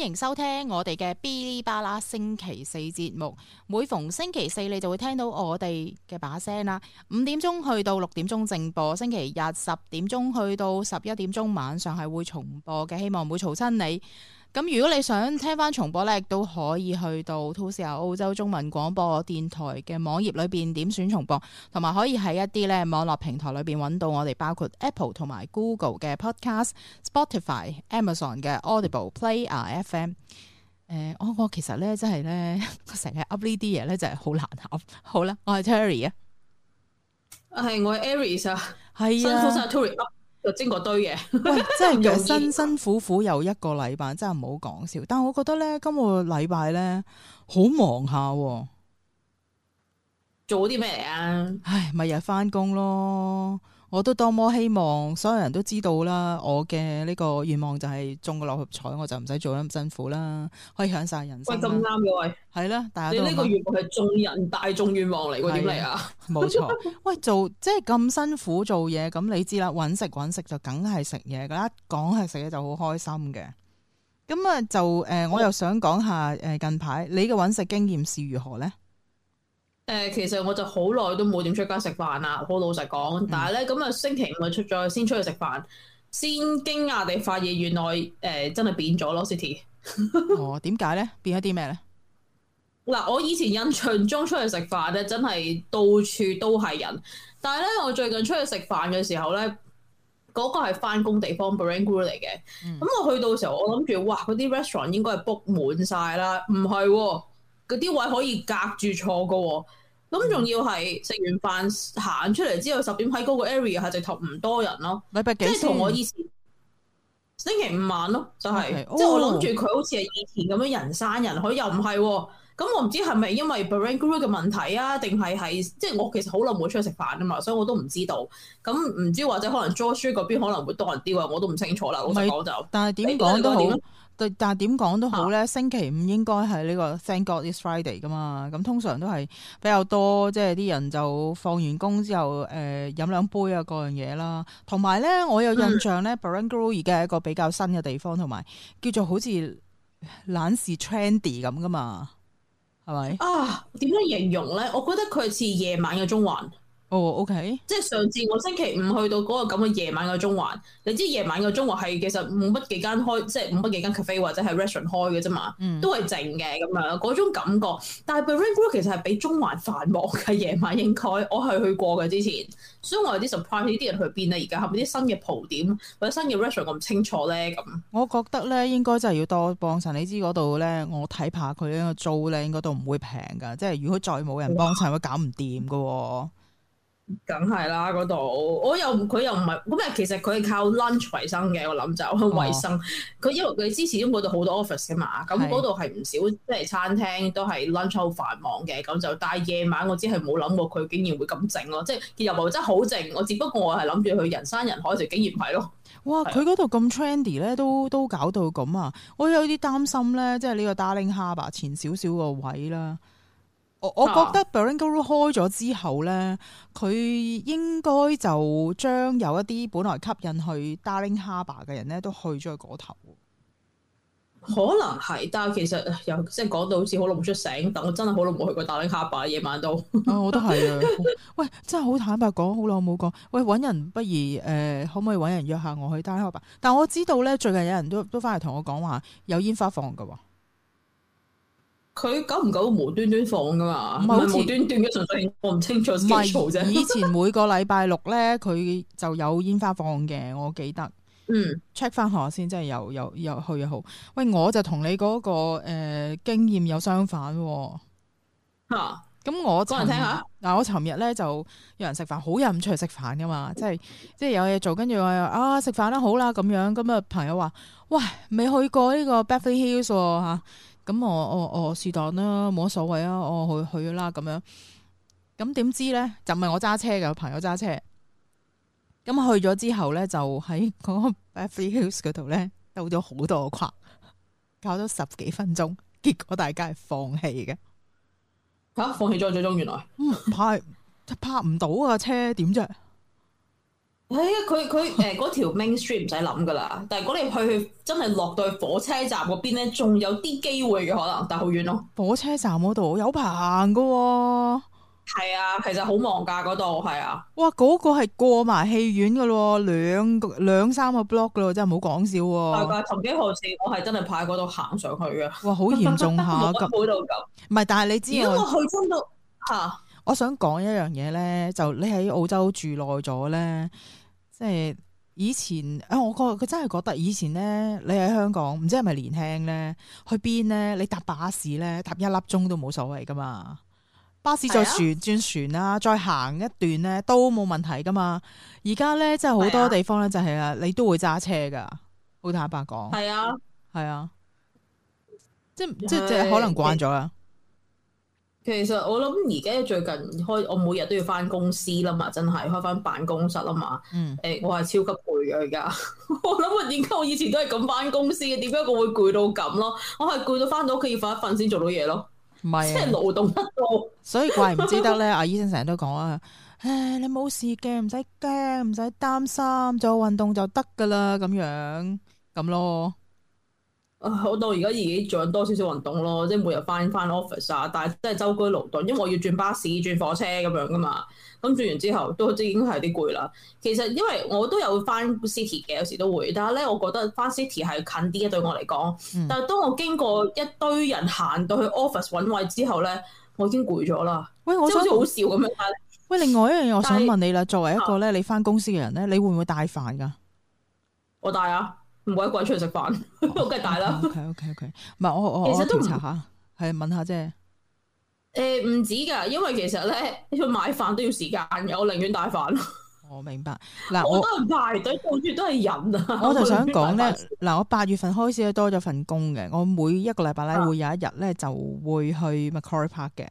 歡迎收聽我哋嘅 Bilibala 星期四節目。每逢星期四，你就會聽到我哋嘅把聲啦。五點鐘去到六點鐘正播，星期日十點鐘去到十一點鐘晚上係會重播嘅。希望唔會嘈親你。咁如果你想聽翻重播咧，亦都可以去到 To s 澳洲中文廣播電台嘅網頁裏邊點選重播，同埋可以喺一啲咧網絡平台裏邊揾到我哋包括 Apple 同埋 Google 嘅 Podcast、Spotify、Amazon 嘅 Audible、Player FM。誒，我我其實咧真係咧，成日噏呢啲嘢咧就係好難噏。好啦，我係 Terry 啊，係我係 Aries 啊，係啊，先 Terry。又蒸過堆嘢， 喂！真係嘅，辛辛苦苦又一個禮拜， 真係唔好講笑。但係我覺得咧，今個禮拜咧好忙下，做啲咩嚟啊？唉，咪日翻工咯。我都多麼希望所有人都知道啦！我嘅呢個願望就係中個六合彩，我就唔使做咁辛苦啦，可以享受人生啦。喂，咁啱嘅喂，係啦，大家呢個願望係眾人大眾願望嚟喎，點嚟啊？ 冇錯， 喂，做即係咁辛苦做嘢，咁你知啦，揾食揾食就梗係食嘢噶啦，講係食嘢就好開心嘅。咁啊，就、呃、誒，哦、我又想講下誒，近排你嘅揾食經驗是如何咧？誒，其實我就好耐都冇點出街食飯啦，好老實講。但係咧，咁啊星期五出咗先出去食飯，先驚訝地發現原來誒、呃、真係變咗咯，City。 哦，點解咧？變咗啲咩咧？嗱、啊，我以前印象中出去食飯咧，真係到處都係人。但係咧，我最近出去食飯嘅時候咧，嗰、那個係返工地方 Barangaroo 嚟嘅。咁、嗯、我去到嘅時候，我諗住哇，嗰啲 restaurant 應該係 book 滿晒啦。唔係，嗰啲位可以隔住坐嘅。咁仲、嗯、要係食完飯行出嚟之後十點喺嗰個 area 係直頭唔多人咯，禮拜幾？即係同我意思 星期五晚咯，就係、是 Okay . oh. 即係我諗住佢好似係以前咁樣人山人海又唔係，咁我唔知係咪因為 brain growth 嘅問題啊，定係係即係我其實好耐冇出去食飯啊嘛，所以我都唔知道，咁、嗯、唔知或者可能 Joey 嗰邊可能會多人啲啊，我都唔清楚啦，老實講就。不但係點講都好。但係點講都好咧，啊、星期五應該係呢個 Thank God It's Friday 噶嘛，咁通常都係比較多，即係啲人就放完工之後，誒、呃、飲兩杯啊，各樣嘢啦。同埋咧，我有印象咧 Barangaroo 而家係一個比較新嘅地方，同埋叫做好似懶是 Trendy 咁噶嘛，係咪？啊，點樣形容咧？我覺得佢似夜晚嘅中環。哦、oh，OK，即係上次我星期五去到嗰個咁嘅夜晚嘅中環，你知夜晚嘅中環係其實冇乜幾間開，即係冇乜幾間 cafe 或者係 restaurant 開嘅啫嘛，嗯、都係靜嘅咁樣嗰種感覺。但係 The Rain Group 其實係比中環繁忙嘅夜晚應該，我係去過嘅之前，所以我有啲 surprise，呢啲人去邊咧？而家後邊啲新嘅鋪點或者新嘅 restaurant 我唔清楚咧。咁我覺得咧，應該真係要多幫襯。你知嗰度咧，我睇怕佢呢個租咧，應該都唔會平噶。即係如果再冇人幫襯，嗯、會搞唔掂噶。梗係啦，嗰度我又佢又唔係咁啊。其實佢係靠 lunch 維生嘅，我諗就維生。佢、哦、因為佢之前因為嗰度好多 office 嘅嘛，咁嗰度係唔少即係、就是、餐廳都係 lunch 繁忙嘅咁就。但係夜晚我只係冇諗過佢竟然會咁靜咯，即係又唔係真係好靜。我只不過我係諗住去人山人海，就竟然唔係咯。哇！佢嗰度咁 trendy 咧，都都搞到咁啊！我有啲擔心咧，即、就、係、是、呢個 Darling Harbour 前少少個位啦。我我覺得 Barangaroo、er、開咗之後咧，佢應該就將有一啲本來吸引去 Darling Harbour 嘅人咧，都去咗嗰頭。可能係，但其實又、呃、即係講到好似好耐冇出城，但我真係好耐冇去過 Darling Harbour 夜晚都， 啊，我都係啊！喂，真係好坦白講，好耐冇講。喂，揾人不如誒、呃，可唔可以揾人約下我去 Darling Harbour？但我知道咧，最近有人都都翻嚟同我講話有煙花放嘅喎。佢久唔久無端端放噶嘛？唔係無端端嘅，純粹我唔清楚先嘈啫 以前每個禮拜六咧，佢就有煙花放嘅，我記得。嗯，check 翻下先，真係又又又去又好。喂、嗯，我就同你嗰、那個誒、呃、經驗有相反。吓哈，咁我嗱 我尋日咧就有人食飯，好人唔出去食飯噶嘛，即係即係有嘢做，跟住話啊食飯啦，好啦咁樣。咁啊朋友話，喂，未去過呢個 Beverly Hills 吓、啊？咁我我我是但啦，冇乜所謂啊，我，我，我去去啦咁樣。咁點知咧，就唔係我揸車嘅，我朋友揸車。咁去咗之後咧，就喺嗰個 Beverly Hills 嗰度咧，兜咗好多個框，搞咗十幾分鐘，結果大家係放棄嘅。吓、啊，放棄咗最終，原來唔、嗯、拍，拍唔到啊！車點啫？係啊，佢佢誒嗰條 Main Street 唔使諗噶啦，但係嗰你去真係落到去火車站嗰邊咧，仲有啲機會嘅可能、啊，但係好遠咯。火車站嗰度有排行噶喎，係啊，其實好忙架，嗰度係啊。哇，嗰、嗰個係過埋戲院噶咯，兩個兩三個 block 噶喎，真係冇講笑喎。係啊，頭幾號次我係真係派嗰度行上去嘅。哇，好嚴重下，咁。 唔係，但係你知我，我去到嚇。啊、我想講一樣嘢咧，就你喺澳洲住耐咗咧。啊。即係以前，啊，我覺佢真係覺得以前咧，你喺香港唔知係咪年輕咧，去邊咧，你搭巴士咧，搭一粒鐘都冇所謂噶嘛。巴士再旋轉船啦、啊，再行一段咧都冇問題噶嘛。而家咧，真係好多地方咧就係啊，你都會揸車噶。啊、好坦白講，係啊，係啊，即係即係即係可能慣咗啦。其實我諗而家最近開我每日都要翻公司啦嘛，真係開翻辦公室啦嘛。嗯，誒、欸，我係超級攰啊而家。 我諗我點解我以前都係咁翻公司嘅？點解我會攰到咁咯？我係攰到翻到屋企要瞓一瞓先做到嘢咯。唔係，即係勞動過度， 所以怪唔知得咧。阿醫生成日都講啊， 唉，你冇事嘅，唔使驚，唔使擔心，做運動就得噶啦，咁樣咁咯。啊，我到而家已經做多少少運動咯，即係每日翻翻 office 啊，但係都係周居勞頓，因為我要轉巴士、轉火車咁樣噶嘛。咁轉完之後都即係已經係啲攰啦。其實因為我都有翻 city 嘅，有時都會，但係咧，我覺得翻 city 係近啲嘅對我嚟講。嗯、但係當我經過一堆人行到去 office 揾位之後咧，我已經攰咗啦。喂，我好似好笑咁樣。喂，另外一樣嘢我想問你啦，是作為一個咧，你翻公司嘅人咧，嗯、你會唔會帶飯㗎？我帶啊。唔鬼鬼出去食飯，梗係帶啦！OK，OK，OK 唔係我我其實都調查下，係問下啫。誒、呃，唔止噶，因為其實咧，去買飯都要時間嘅，我寧願帶飯咯。我、 oh, 明白嗱，我都係排隊，到處都係人啊！ 我就想講咧，嗱， 我八月份開始多咗份工嘅，我每一個禮拜咧會有一日咧就會去 Macquarie Park 嘅。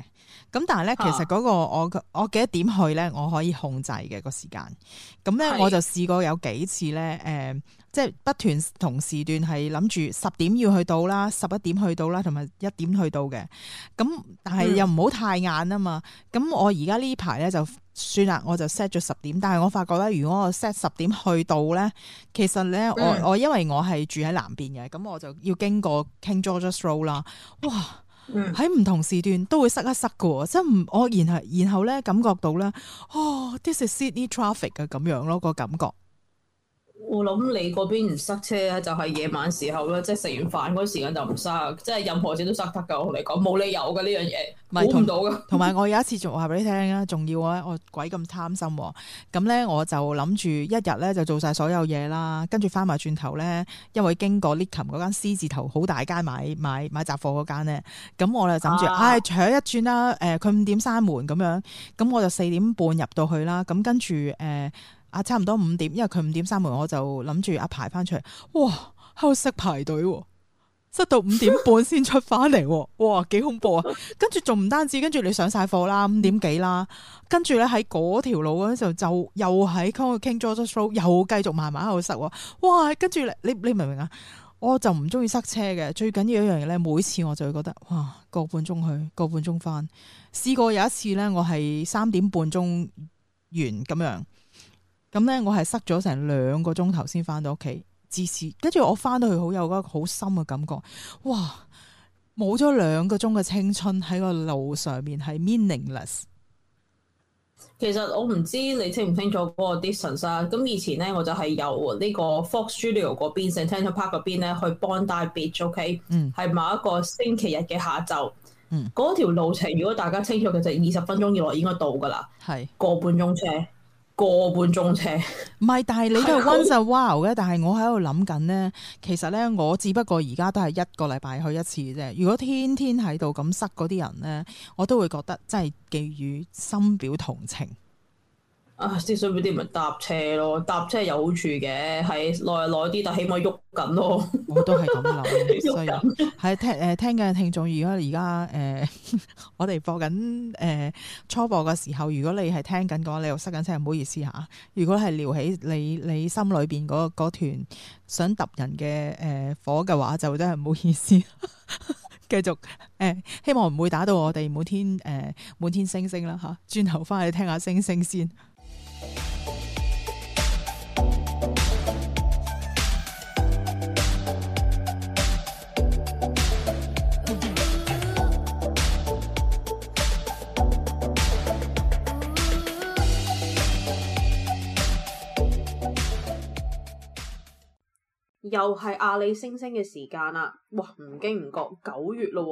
咁但係咧，其實嗰個我、啊、我幾點去咧，我可以控制嘅個時間。咁咧，是我就試過有幾次咧，誒、呃，即、就、係、是、不斷同時段係諗住十點要去到啦，十一點去到啦，同埋一點去到嘅。咁但係又唔好太晏啊嘛。咁、嗯、我而家呢排咧就算啦，我就 set 咗十點。但係我發覺咧，如果我 set 十點去到咧，其實咧、嗯、我我因為我係住喺南邊嘅，咁我就要經過 King George's Road 啦。哇！喺唔同時段都會塞一塞嘅，即係唔我然後然後咧感覺到咧，哦，this is Sydney traffic 啊咁樣咯個感覺。我諗你嗰邊唔塞車咧，就係夜晚時候咯，即係食完飯嗰啲時間就唔塞，即係任何事都塞得噶。我同你講，冇理由噶呢樣嘢，估唔到噶。同埋我有一次做話俾你聽啊，仲要咧，我鬼咁貪心喎、啊。咁咧我就諗住一日咧就做晒所有嘢啦，跟住翻埋轉頭咧，因為經過 lift 琴嗰間獅字頭好大街買買買雜貨嗰間咧，咁我就諗住唉，搶、啊哎、一轉啦。誒、呃，佢五點閂門咁樣，咁我就四點半入到去啦。咁跟住誒。啊，差唔多五點，因為佢五點關門，我就諗住啊排翻出嚟。哇，喺度塞排隊塞到五點半先出翻嚟， 哇，幾恐怖啊！跟住仲唔單止，跟住你上晒課啦，五點幾啦，跟住咧喺嗰條路嗰時候，就又喺開我傾 JoJo Show 又繼續慢慢喺度塞。哇，跟住你你你明唔明啊？我就唔中意塞車嘅最緊要一樣嘢咧，每次我就會覺得哇個半鐘去個半鐘翻試過有一次咧，我係三點半鐘完咁樣。咁咧，我係塞咗成兩個鐘頭先翻到屋企，自此跟住我翻到去好有嗰個好深嘅感覺，哇！冇咗兩個鐘嘅青春喺個路上面係 meaningless。其實我唔知你清唔清楚嗰個 distance 啊，咁以前咧我就係由呢個 Fox Studio 嗰邊 Central Park 嗰邊咧去 Bondi Beach，okay，嗯，係某一個星期日嘅下晝，嗰條、嗯、路程如果大家清楚嘅就二、是、十分鐘以內應該到噶啦，係個是半鐘車。個半鐘車，唔 係，但係你都係 one wow 嘅，但係我喺度諗緊呢，其實呢，我只不過而家都係一個禮拜去一次啫。如果天天喺度咁塞嗰啲人呢，我都會覺得真係寄予深表同情。啊，之所以啲咪搭車咯，搭車有好處嘅，係耐耐啲，但起碼喐緊咯。 我都係咁諗，喐緊。係聽誒、呃、聽緊嘅聽眾，如果而家誒我哋播緊誒、呃、初播嘅時候，如果你係聽緊嘅話，你又塞緊車，唔好意思嚇。如果係撩起你你心裏邊嗰團想揼人嘅誒火嘅話，就真係唔好意思。啊呃意思啊、繼續誒、呃，希望唔會打到我哋每天誒、呃、滿天星星啦嚇。轉頭翻去聽下星星先。又係阿里星星嘅時間啦！哇，唔經唔覺九月咯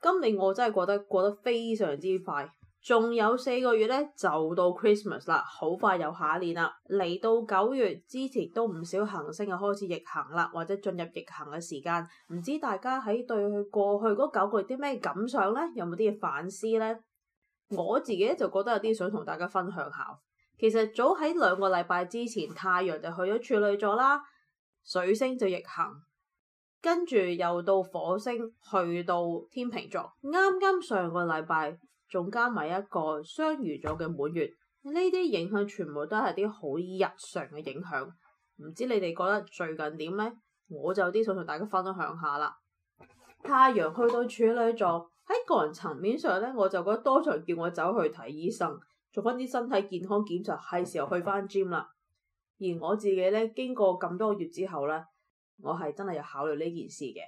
喎，今年我真係覺得過得非常之快。仲有四個月咧，就到 Christmas 啦，好快又下一年啦。嚟到九月之前，都唔少行星又開始逆行啦，或者進入逆行嘅時間。唔知大家喺對佢過去嗰九個月啲咩感想呢？有冇啲嘢反思呢？我自己就覺得有啲想同大家分享下。其實早喺兩個禮拜之前，太陽就去咗處女座啦，水星就逆行，跟住又到火星去到天秤座，啱啱上個禮拜。仲加埋一個雙魚座嘅滿月，呢啲影響全部都係啲好日常嘅影響。唔知你哋覺得最近點呢？我就有啲想同大家分享下啦。太陽去到處女座喺個人層面上呢，我就覺得多場叫我走去睇醫生，做翻啲身體健康檢查，係時候去翻 gym 啦。而我自己呢，經過咁多個月之後呢，我係真係有考慮呢件事嘅。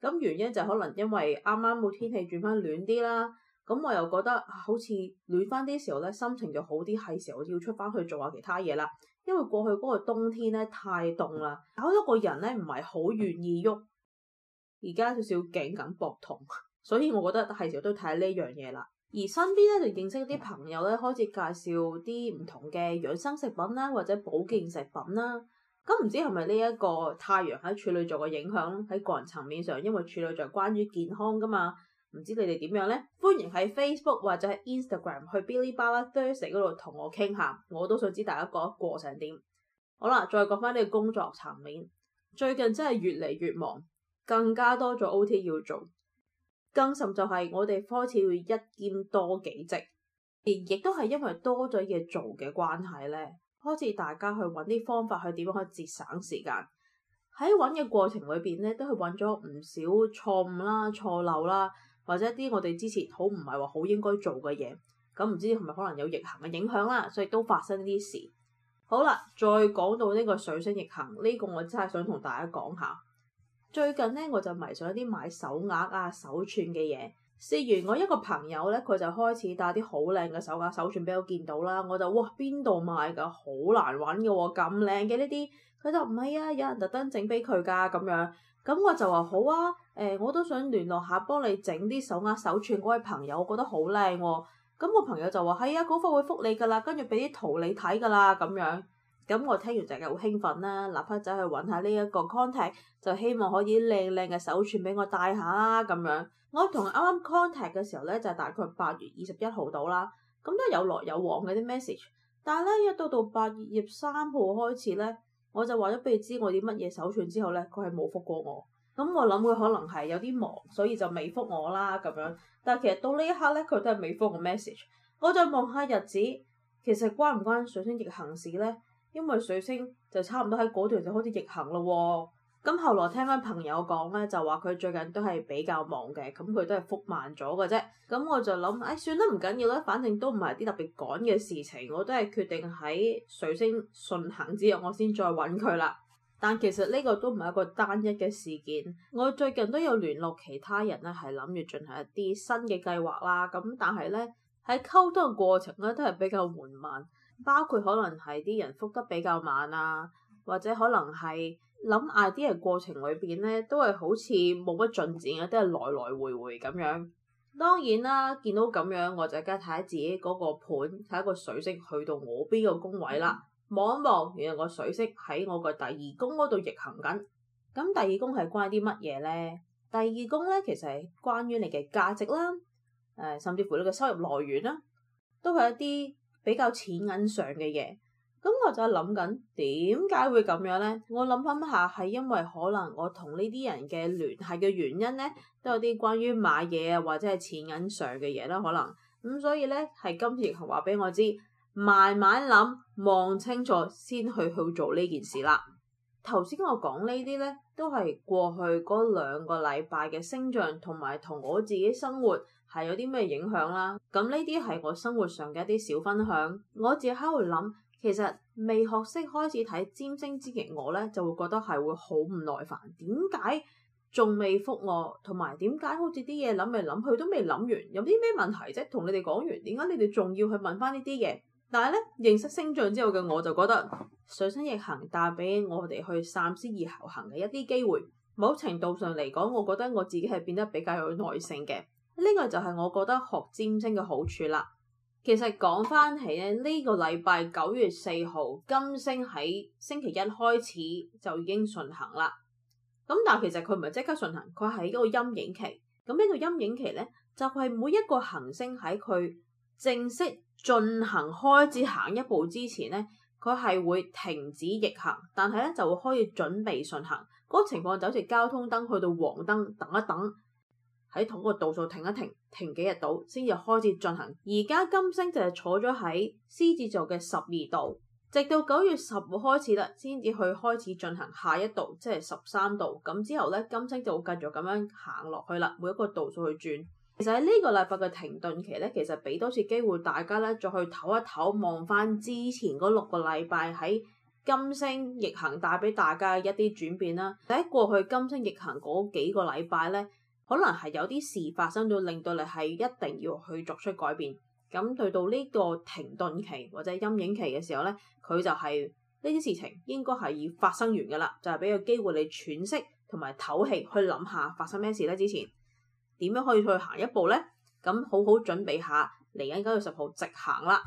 咁原因就可能因為啱啱冇天氣轉翻暖啲啦。咁我又覺得好似暖翻啲時候咧，心情就好啲，係時候要出翻去做下其他嘢啦。因為過去嗰個冬天咧，太凍啦，搞到個人咧，唔係好願意喐，而家少少頸緊膊痛，所以我覺得係時候都睇下呢樣嘢啦。而身邊咧，就認識啲朋友咧，開始介紹啲唔同嘅養生食品啦，或者保健食品啦。咁唔知係咪呢一個太陽喺處女座嘅影響喺個人層面上？因為處女座關於健康㗎嘛。唔知你哋點樣呢？歡迎喺 Facebook 或者喺 Instagram 去 Bilibala Thursday 嗰度同我傾下，我都想知大家覺得過成點。好啦，再講翻呢個工作層面，最近真係越嚟越忙，更加多咗 OT 要做，更甚就係我哋開始會一兼多幾職，亦都係因為多咗嘢做嘅關係呢，開始大家去揾啲方法去點樣去節省時間。喺揾嘅過程裏邊呢，都去揾咗唔少錯誤啦、錯漏啦。或者一啲我哋之前好唔係話好應該做嘅嘢，咁唔知係咪可能有逆行嘅影響啦，所以都發生呢啲事。好啦，再講到呢個水星逆行，呢個我真係想同大家講下。最近呢，我就迷上一啲買手鐲啊、手串嘅嘢。試完我一個朋友咧，佢就開始戴啲好靚嘅手鐲手串俾我見到啦，我就哇，邊度買㗎？好難揾嘅喎，咁靚嘅呢啲，佢就唔係啊，有人特登整俾佢㗎咁樣，咁我就話好啊，誒我都想聯絡下幫你整啲手鐲手串嗰位朋友，我覺得好靚喎，咁個朋友就話係啊，嗰、哎、科會覆你㗎啦，跟住俾啲圖你睇㗎啦咁樣。咁我聽完就係好興奮啦，立刻就去揾下呢一個 contact，就希望可以靚靚嘅手串俾我戴下啦咁樣。我同啱啱 contact 嘅時候咧，就係、大概八月二十一號到啦，咁都有來有往嘅啲 message。但係咧，一到到八月三號開始咧，我就話咗俾佢知我啲乜嘢手串之後咧，佢係冇復過我。咁我諗佢可能係有啲忙，所以就未復我啦咁樣。但係其實到呢一刻咧，佢都係未復我 message。我再望下日子，其實關唔關水星逆行事咧？因為水星就差唔多喺嗰段就開始逆行咯。咁、哦、後來聽翻朋友講咧，就話佢最近都係比較忙嘅，咁佢都係復慢咗嘅啫。咁我就諗，誒、哎、算啦，唔緊要啦，反正都唔係啲特別趕嘅事情，我都係決定喺水星順行之後，我先再揾佢啦。但其實呢個都唔係一個單一嘅事件，我最近都有聯絡其他人咧，係諗住進行一啲新嘅計劃啦。咁但係咧，喺溝通嘅過程咧都係比較緩慢。包括可能係啲人復得比較慢啊，或者可能係諗 idea 嘅過程裏邊咧，都係好似冇乜進展啊，都係來來回回咁樣。當然啦，見到咁樣，我就而家睇下自己嗰個盤，睇下個水色去到我邊個宮位啦，望一望，原來個水色喺我個第二宮嗰度逆行緊。咁第二宮係關啲乜嘢咧？第二宮咧其實係關於你嘅價值啦，誒、呃，甚至乎你嘅收入來源啦，都係一啲，比較錢銀上嘅嘢，咁我就諗緊點解會咁樣呢。我諗返下，係因為可能我同呢啲人嘅聯繫嘅原因呢，都有啲關於買嘢啊，或者係錢銀上嘅嘢啦，可能咁所以呢，係今次話俾我知，慢慢諗，望清楚先去去做呢件事啦。頭先我講呢啲呢，都係過去嗰兩個禮拜嘅星象，同埋同我自己生活。係有啲咩影響啦？咁呢啲係我生活上嘅一啲小分享。我自己喺度諗，其實未學識開始睇占星之前，我呢，就會覺得係會好唔耐煩。點解仲未覆我？同埋點解好似啲嘢諗嚟諗去都未諗完，有啲咩問題啫？同你哋講完，點解你哋仲要去問翻呢啲嘢？但係呢，認識星象之後嘅我就覺得水星逆行，帶俾我哋去三思而後行嘅一啲機會。某程度上嚟講，我覺得我自己係變得比較有耐性嘅。呢個就係我覺得學占星嘅好處啦。其實講翻起咧，呢、個禮拜九月四號金星喺星期一開始就已經順行啦。咁但係其實佢唔係即刻順行，佢係一個陰影期。咁呢個陰影期呢，就係、是、每一個行星喺佢正式進行開始行一步之前呢，佢係會停止逆行，但係呢就會開始準備順行。嗰、個情況就好似交通燈去到黃燈等一等。喺同個度數停一停，停幾日度先至開始進行。而家金星就係坐咗喺獅子座嘅十二度，直到九月十號開始啦，先至去開始進行下一度，即係十三度。咁之後咧，金星就會繼續咁樣行落去啦，每一個度數去轉。其實喺呢個禮拜嘅停頓期咧，其實俾多次機會大家咧再去唞一唞，望翻之前嗰六個禮拜喺金星逆行帶俾大家一啲轉變啦。喺過去金星逆行嗰幾個禮拜咧。可能係有啲事發生咗，令到你係一定要去作出改變，咁對到呢個停頓期或者陰影期嘅時候呢，佢就係呢啲事情應該係已經發生完噶啦，就係、是、俾個機會你喘息同埋唞氣，去諗下發生咩事呢，之前點樣可以去行一步呢？咁好好準備下嚟緊九月十號直行啦。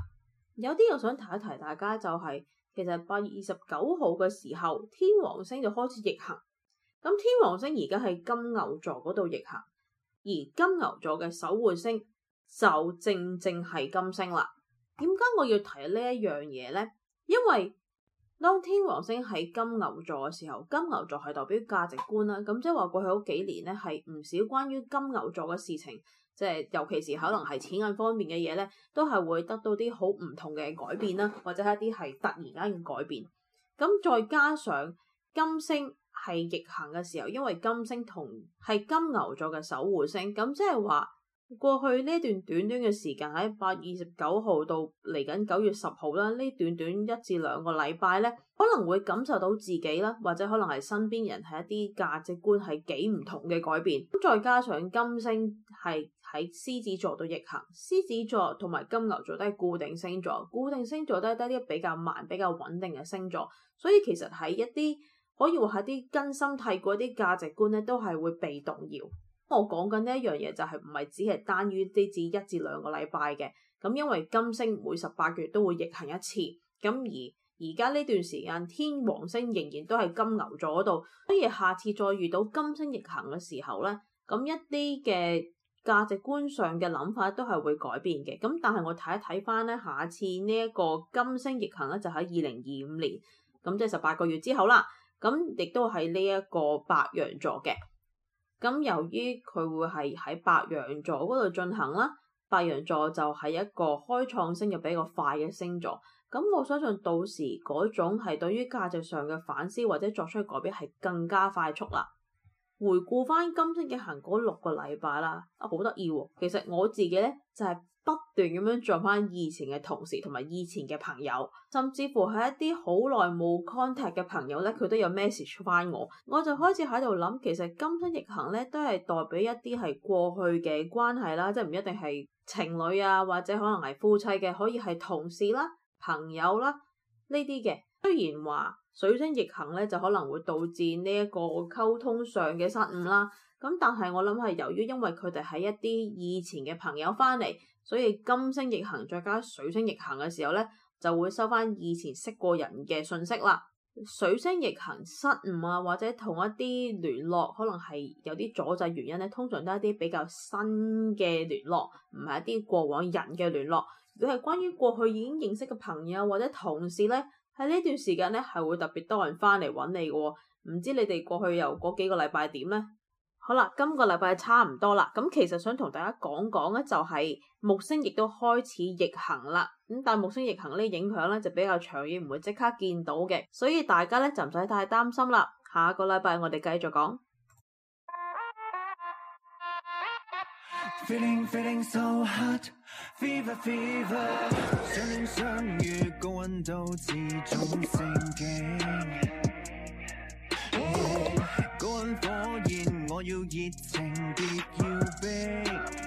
有啲我想提一提大家就係、是，其實八月二十九號嘅時候，天王星就開始逆行。咁天王星而家係金牛座嗰度逆行，而金牛座嘅守護星就正正係金星啦。點解我要提呢一樣嘢呢？因為當天王星喺金牛座嘅時候，金牛座係代表價值觀啦。咁即係話過去好幾年咧，係唔少關於金牛座嘅事情，即係尤其是可能係錢銀方面嘅嘢咧，都係會得到啲好唔同嘅改變啦，或者係一啲係突然間嘅改變。咁再加上金星。係逆行嘅時候，因為金星同係金牛座嘅守護星，咁即係話過去呢段短短嘅時間喺八月二十九號到嚟緊九月十號啦，呢短短一至兩個禮拜咧，可能會感受到自己啦，或者可能係身邊人係一啲價值觀係幾唔同嘅改變。咁再加上金星係喺獅子座度逆行，獅子座同埋金牛座都係固定星座，固定星座都係得啲比較慢、比較穩定嘅星座，所以其實喺一啲，可以話係啲根深蒂固啲價值觀咧，都係會被動搖。我講緊呢一樣嘢就係唔係只係單於啲至一至兩個禮拜嘅咁，因為金星每十八個月都會逆行一次咁。而而家呢段時間天王星仍然都係金牛座度，所以下次再遇到金星逆行嘅時候咧，咁一啲嘅價值觀上嘅諗法都係會改變嘅。咁但係我睇一睇翻咧，下次呢一個金星逆行咧就喺二零二五年，咁即係十八個月之後啦。咁亦都喺呢一個白羊座嘅，咁由於佢會係喺白羊座嗰度進行啦，白羊座就係一個開創性又比較快嘅星座，咁我相信到時嗰種係對於價值上嘅反思或者作出改變係更加快速啦。回顧翻金星嘅行嗰六個禮拜啦，啊好得意喎，其實我自己咧就係、是。不斷咁樣做翻以前嘅同事同埋以前嘅朋友，甚至乎係一啲好耐冇 contact 嘅朋友咧，佢都有 message 翻我。我就開始喺度諗，其實金星逆行咧都係代表一啲係過去嘅關係啦，即係唔一定係情侶啊，或者可能係夫妻嘅，可以係同事啦、朋友啦呢啲嘅。雖然話水星逆行咧就可能會導致呢一個溝通上嘅失誤啦，咁但係我諗係由於因為佢哋係一啲以前嘅朋友翻嚟。所以金星逆行再加水星逆行嘅時候咧，就會收翻以前識過人嘅信息啦。水星逆行失誤啊，或者同一啲聯絡可能係有啲阻滯原因咧，通常都係一啲比較新嘅聯絡，唔係一啲過往人嘅聯絡，都係關於過去已經認識嘅朋友或者同事咧。喺呢段時間咧，係會特別多人翻嚟搵你嘅喎。唔知你哋過去又嗰幾個禮拜點咧？好啦，今個禮拜係差唔多啦。咁其實想同大家講講咧，就係木星亦都開始逆行啦。咁但係木星逆行呢，影響咧就比較長遠，唔會即刻見到嘅，所以大家咧就唔使太擔心啦。下個禮拜我哋繼續講。 要熱情，別要冰。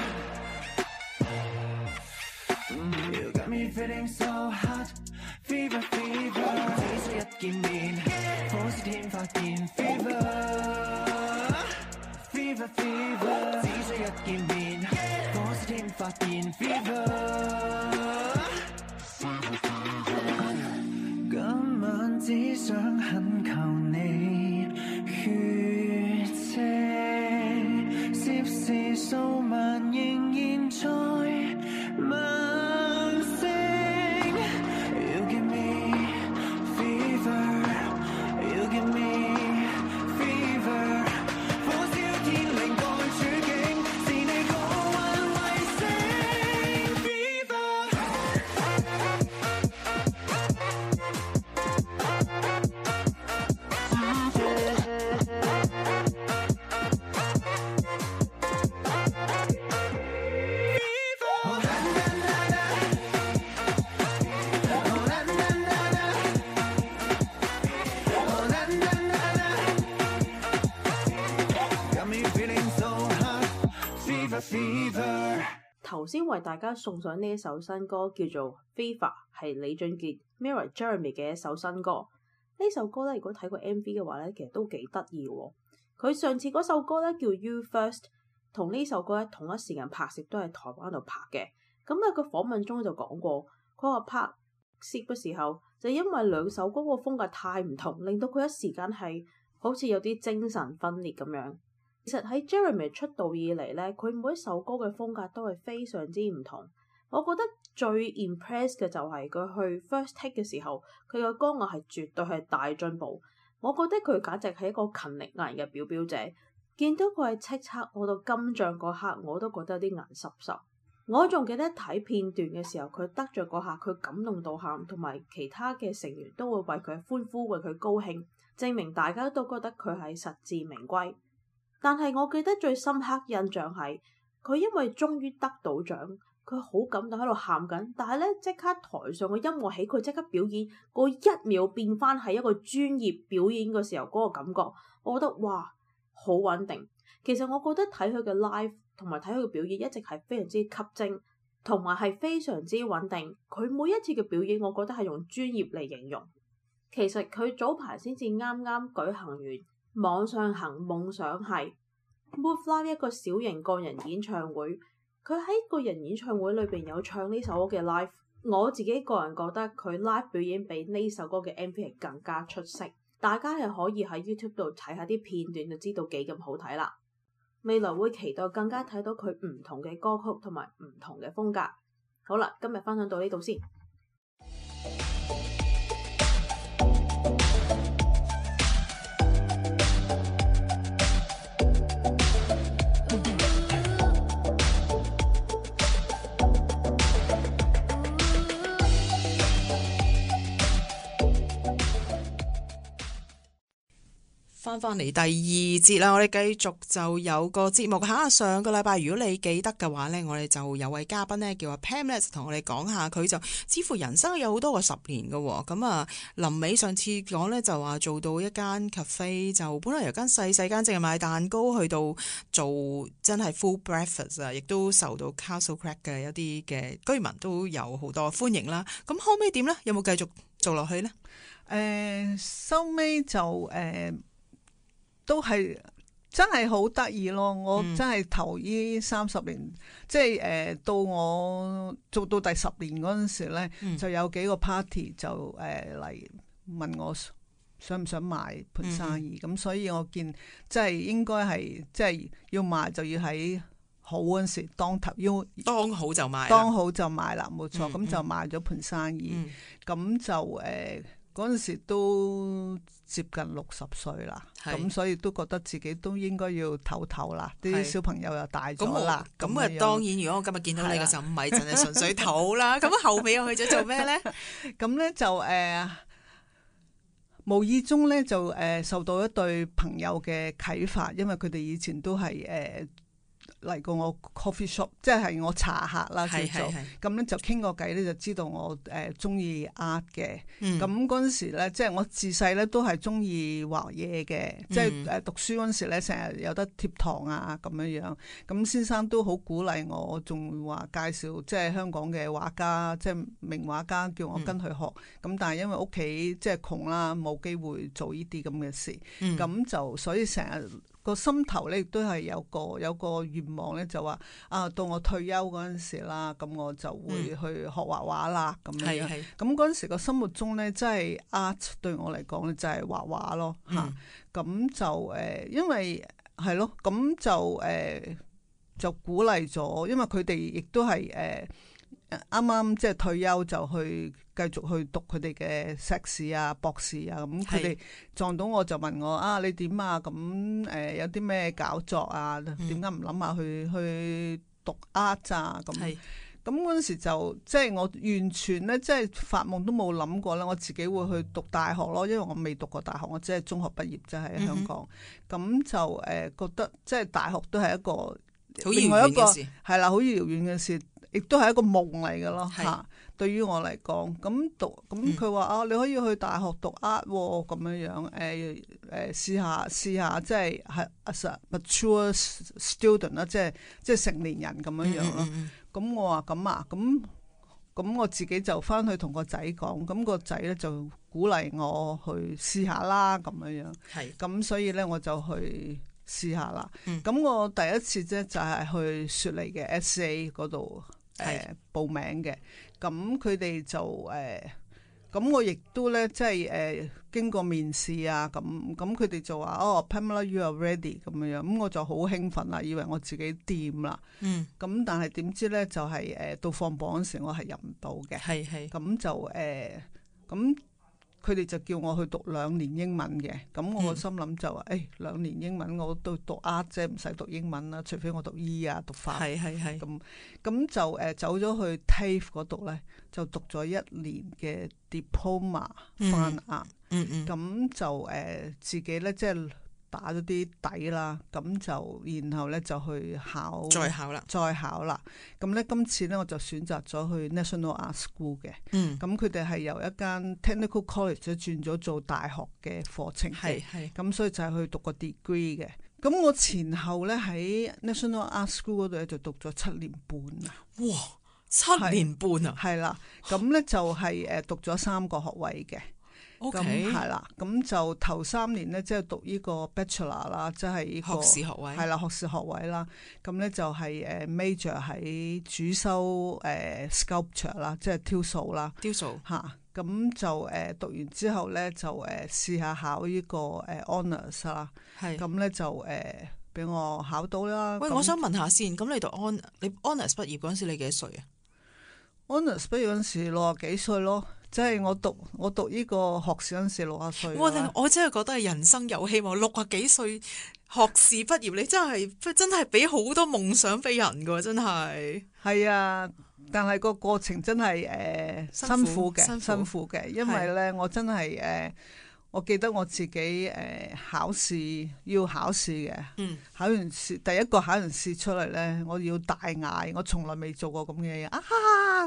大家送上呢一首新歌叫做《FIFA》，係李俊傑、Mirror、Jeremy 嘅一首新歌。呢首歌咧，如果睇過 MV 嘅話咧，其實都幾得意。佢上次嗰首歌咧叫《You First》，同呢首歌咧同一時間拍攝都喺台灣度拍嘅。咁咧，佢訪問中就講過，佢話拍攝嘅時候就因為兩首歌個風格太唔同，令到佢一時間係好似有啲精神分裂咁樣。其實喺 Jeremy 出道以嚟咧，佢每一首歌嘅風格都係非常之唔同。我覺得最 impress 嘅就係、是、佢去 First Take 嘅時候，佢嘅歌藝係絕對係大進步。我覺得佢簡直係一個勤力人嘅表表者。見到佢係叱咤我到金像嗰刻，我都覺得有啲眼濕濕。我仲記得睇片段嘅時候，佢得着嗰下，佢感動到喊，同埋其他嘅成員都會為佢歡呼，為佢高興，證明大家都覺得佢係實至名歸。但係我記得最深刻印象係佢因為終於得到獎，佢好感動喺度喊緊，但係咧即刻台上嘅音樂起，佢即刻表演個一秒變翻係一個專業表演嘅時候嗰個感覺，我覺得哇好穩定。其實我覺得睇佢嘅 live 同埋睇佢嘅表演一直係非常之吸睛，同埋係非常之穩定。佢每一次嘅表演，我覺得係用專業嚟形容。其實佢早排先至啱啱舉行完。網上行夢想係，Move Live 一個小型個人演唱會，佢喺個人演唱會裏邊有唱呢首歌嘅 live，我自己個人覺得佢 live 表演比呢首歌嘅 MV 更加出色，大家係可以喺 YouTube 度睇下啲片段就知道幾咁好睇啦，未來會期待更加睇到佢唔同嘅歌曲同埋唔同嘅風格，好啦，今日分享到呢度先。翻翻嚟，第二節啦，我哋繼續就有個節目嚇、啊。上個禮拜，如果你記得嘅話咧，我哋就有位嘉賓咧叫阿 Pam 咧，就同我哋講下佢就似乎人生有好多個十年嘅咁啊。臨、嗯、尾上次講咧就話做到一間 cafe，就本來由間細細間，淨係賣蛋糕，去到做真係 full breakfast 啊，亦都受到 Castle Crack 嘅一啲嘅居民都有好多歡迎啦。咁後尾點咧？有冇繼續做落去咧？誒、uh，收尾就誒。都係真係好得意咯！我真係頭依三十年，嗯、即係誒、呃，到我做到第十年嗰陣時咧，嗯、就有幾個 party 就誒嚟、呃、問我想唔想買盤生意，咁、嗯、所以我見即係應該係即係要買就要喺好嗰陣時當頭，要當好就買，當好就買啦，冇錯，咁、嗯嗯、就買咗盤生意，咁就誒。嗯嗯嗰陣時都接近六十歲啦，咁的所以都覺得自己都應該要唞唞啦，啲的小朋友又大咗啦，咁啊我樣當然，如果我今日見到你嘅時候，唔係淨係純粹唞啦，咁 後尾又去咗做咩咧？咁咧 就誒、呃，無意中咧就誒、呃、受到一對朋友嘅啟發，因為佢哋以前都係誒。呃嚟過我 coffee shop，即係我茶客啦叫做，咁咧就傾個偈咧，就知道我誒中意 art 嘅。咁嗰陣時咧，即係我自細咧都係中意畫嘢嘅，嗯、即係誒讀書嗰陣時咧，成日有得貼堂啊咁樣樣。咁先生都好鼓勵我，仲話介紹即係香港嘅畫家，即係名畫家，叫我跟佢學。咁、嗯、但係因為屋企即係窮啦，冇機會做呢啲咁嘅事，咁、嗯嗯、就所以成日，個心頭咧亦都係有個有個願望咧，就話啊到我退休嗰陣時啦，咁我就會去學畫畫啦咁、嗯、樣。咁嗰陣時個心目中咧，即係 art 對我嚟講咧就係畫畫咯吓。咁就誒，因為係咯，咁就誒、呃、就鼓勵咗，因為佢哋亦都係誒。呃啱啱即係退休就去繼續去讀佢哋嘅碩士啊博士啊，咁佢哋撞到我就問我是啊你點啊咁，誒、呃、有啲咩搞作啊點解唔諗下去去讀 art 啊咋，咁咁嗰時就即係我完全咧即係發夢都冇諗過咧我自己會去讀大學咯，因為我未讀過大學，我只係中學畢業啫喺香港咁、嗯、哼就誒、呃、覺得即係大學都係一個另外一個系啦，好遙遠嘅事。亦都係一個夢嚟嘅咯嚇，對於我嚟講，咁讀咁佢話啊，你可以去大學讀 art，咁樣樣誒誒試下試下，即係係 as a mature student 啦，即係即係成年人咁樣樣咯。咁、嗯嗯、我話咁啊，咁咁我自己就翻去同個仔講，咁、咁個仔咧就鼓勵我去試下啦，咁樣樣。係是。咁所以咧，我就去試下啦。咁、嗯嗯、我第一次啫，就係去雪梨嘅 SA 嗰度。係是、呃、報名嘅，咁佢哋就誒，咁、呃、我亦都咧，即係誒經過面試啊，咁咁佢哋就話哦、oh，Pamela，you are ready 咁樣樣，咁我就好興奮啦，以為我自己掂啦，嗯，咁但係點知咧就係、是、誒、呃、到放榜嗰時我係入唔到嘅，係係是，咁就誒咁。呃佢哋就叫我去讀兩年英文嘅，咁我個心諗就話，誒、嗯哎、兩年英文我都讀啊，即係，唔使讀英文啦，除非我讀醫啊、讀法學。係係咁咁就誒、呃、走咗去 TAFE 嗰度咧，就讀咗一年嘅 diploma 翻啊、嗯。嗯咁、嗯、就誒、呃、自己咧即係。打咗啲底啦，咁就然後咧就去考，再考啦，再考啦。咁咧今次咧我就選擇咗去 National Art School 嘅，咁佢哋係由一間 Technical College 轉咗做大學嘅課程嘅，咁是所以就係去讀個 degree 嘅。咁我前後咧喺 National Art School 嗰度咧就讀咗七年半啊，哇，七年半啊，係啦，咁咧 就係誒讀咗三個學位嘅。咁係啦，咁就頭三年咧，即係讀呢個 bachelor 啦，即係呢個係啦學士學位啦。咁咧學就係誒 major 喺主修誒 sculpture 啦，即係雕塑啦。雕塑吓，咁、 哎、就誒讀完之後咧是，就誒試下考呢個誒 honors 啦。係咁咧就誒俾我考到啦。喂，這樣 我想問下先，咁你讀 hon 你 honors 畢業嗰陣時你幾多歲啊？honors 畢業嗰陣時六啊幾歲咯？ 即係我讀我讀呢個學士嗰時六啊歲，我我真係覺得係人生有希望。六啊幾歲學士畢業，你真係真係俾好多夢想俾人噶，真係。係啊，但係個過程真係誒、呃、辛苦嘅，辛苦嘅，苦因為咧的我真係誒。呃我記得我自己誒、呃、考試要考試嘅，嗯、考完試第一個考完試出嚟咧，我要大嗌，我從來未做過咁嘅嘢，啊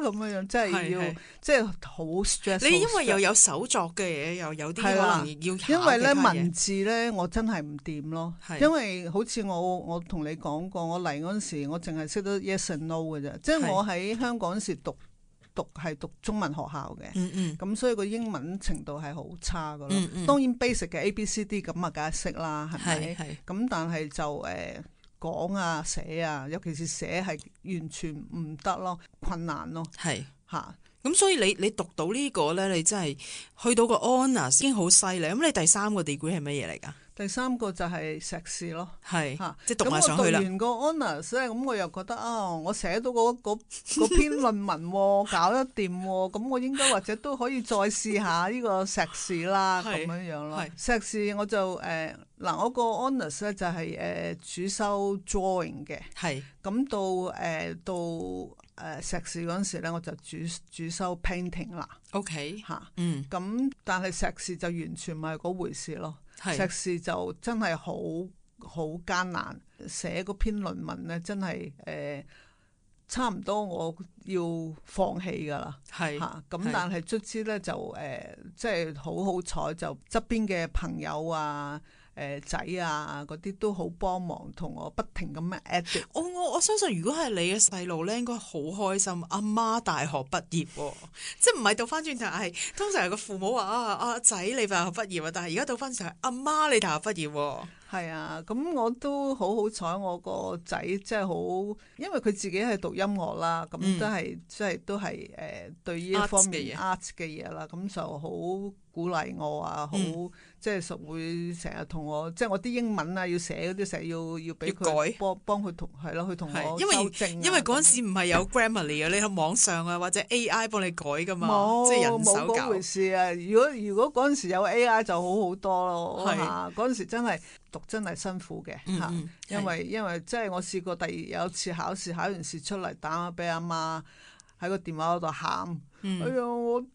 咁樣、啊、樣，真係要即係好 stress。你因為又有手作嘅嘢，又有啲話要，因為咧文字咧，我真係唔掂咯。是因為好似我我同你講過，我嚟嗰陣時，我淨係識得 yes and no 嘅啫，即係我喺香港時讀。的讀係讀中文學校嘅，咁、嗯嗯、所以個英文程度係好差噶咯。嗯嗯、當然 basic 嘅 A、B、C、D 咁、呃、啊，梗係識啦，係咪？咁但係就誒講啊、寫啊，尤其是寫係完全唔得咯，困難咯，係吓是。咁、啊、所以你你讀到呢、這個咧，你真係去到個 honours 已經好犀利。咁你第三個地鬼係乜嘢嚟噶？第三個就係碩士咯，嚇是，啊、即係讀埋上去啦，咁我讀完個 honors 咧，咁我又覺得啊，我寫到嗰篇論文、哦、 搞得掂喎、哦，咁我應該或者都可以再試下呢個碩士啦，咁 樣樣咯。碩士我就誒嗱、呃，我個 honors 咧就係、是、誒、呃、主修 drawing 嘅，咁到誒到。呃到誒、呃、碩士嗰陣時咧，我就主主修 painting 啦。O K 嚇，嗯，咁但係碩士就完全唔係嗰回事咯。是碩士就真係好好艱難，寫嗰篇論文咧真係誒、呃、差唔多我要放棄噶啦。係嚇，咁但係卒之咧就誒即係好好彩，就側、呃、邊嘅朋友啊。誒仔、呃、啊，嗰啲都好幫忙，同我不停咁樣 at 我。我我相信，如果係你嘅細路咧，應該好開心。阿媽大學畢業、啊，即係唔係倒翻轉頭係通常個父母話啊，阿、啊、仔你大學畢業、啊，但係而家倒翻上係阿媽你大學畢業、啊。係啊，咁我都好好彩，我個仔即係好，因為佢自己係讀音樂啦，咁都係即係都係誒對呢一方面 art 嘅嘢啦，咁就好鼓勵我啊，好即係實會成日同我，即係我啲英文啊要寫嗰啲成日要要俾佢改幫幫佢同係咯，佢同我因為因為嗰陣時唔係有 Grammarly 啊，你喺網上啊或者 AI 幫你改噶嘛，即係人手搞事啊！如果如果嗰陣時有 AI 就好好多咯係啊，嗰陣時真係。讀真係辛苦嘅嚇，嗯嗯，因為的因為即係我試過第二，有一次考試，考完試出嚟打電話俾阿媽，喺個電話嗰度喊，嗯、哎呀我～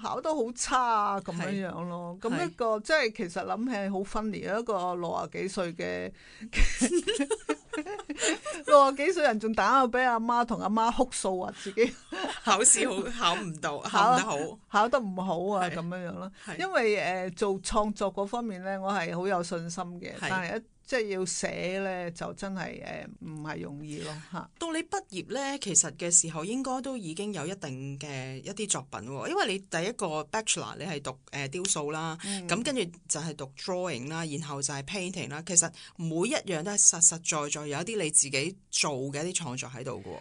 考得好差咁樣是樣咯，咁一個是即係其實諗起好 funny，一個六十幾歲嘅 六十幾歲人仲打去，俾阿媽同阿媽哭訴話，自己考試好考唔到，考得好，考，考得唔好啊咁是樣樣咯。是因為誒、呃、做創作嗰方面咧，我係好有信心嘅，是但係一。即係要寫咧，就真係誒唔係容易咯嚇。到你畢業咧，其實嘅時候應該都已經有一定嘅一啲作品喎。因為你第一個 Bachelor 你係讀誒、呃、雕塑啦，咁、嗯、跟住就係讀 drawing 啦，然後就係 painting 啦。其實每一樣都係實實在在在有一啲你自己做嘅一啲創作喺度嘅。